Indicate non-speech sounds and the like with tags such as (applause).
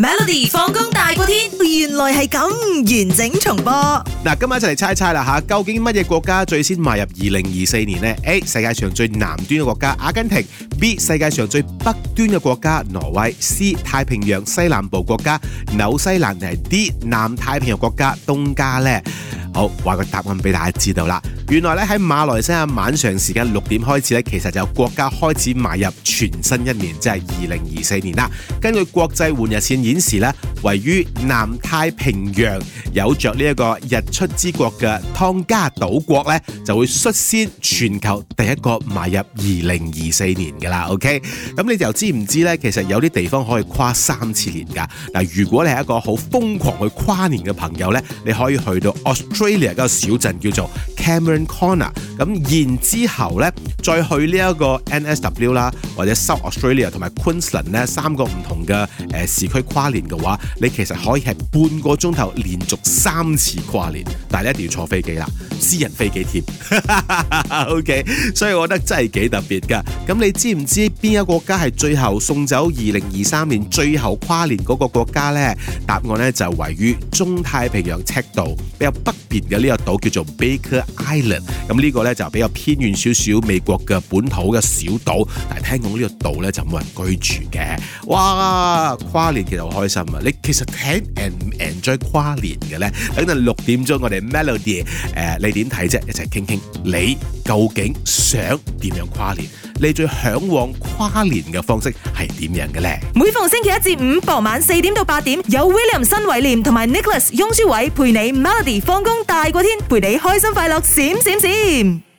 Melody 放工大過天，原來係咁，完整重播。嗱，今晚一齊嚟猜猜啦吓，究竟乜嘢國家最先邁入二零二四年呢？A 世界上最南端嘅國家阿根廷，B 世界上最北端嘅國家挪威，C 太平洋西南部國家紐西蘭，定係 D 南太平洋國家東加呢？好，話個答案俾大家知道啦。原來咧喺馬來西亞晚上時間六點開始咧，其實就國家開始邁入全新一年，即係二零二四年啦。根據國際換日線顯示咧，位於南太平洋有着呢一個日出之國嘅湯加島國咧，就會率先全球第一個邁入二零二四年噶啦。OK，咁你就知唔知咧？其實有啲地方可以跨三次年噶。嗱，如果你係一個好瘋狂去跨年嘅朋友咧，你可以去到 Australia 嗰個小鎮叫做 Cameron Corner，咁然之後呢，再去呢一個 NSW 啦，或者 South Australia 同埋 Queensland 呢三個唔同嘅誒、呃、市區跨年嘅話，你其實可以係半個鐘頭連續三次跨年，但係一定要坐飛機啦，私人飛機添 (laughs) ，OK，所以我覺得真係幾特別㗎。咁你知唔知邊一個國家係最後送走二零二三年最後跨年嗰個國家呢？答案呢就位於中太平洋赤道比較北邊嘅呢個島叫做 Baker。Island，咁呢個咧就比較偏遠少少，美國嘅本土嘅小島，但係聽講呢個島咧就冇人居住嘅。哇，跨年其實好開心啊！你其實聽 And Enjoy 跨年嘅咧，等陣六點鐘我哋 Melody，誒、呃，你點睇啫？一齊傾傾，你究竟想點樣跨年？你最向往跨年嘅方式係點樣嘅咧？每逢星期一至五，傍晚四點到八點，有 William 新偉廉同埋 Nicholas 雍舒偉陪你 Melody 放工大過天，陪你開心快樂閃閃閃。閃閃閃。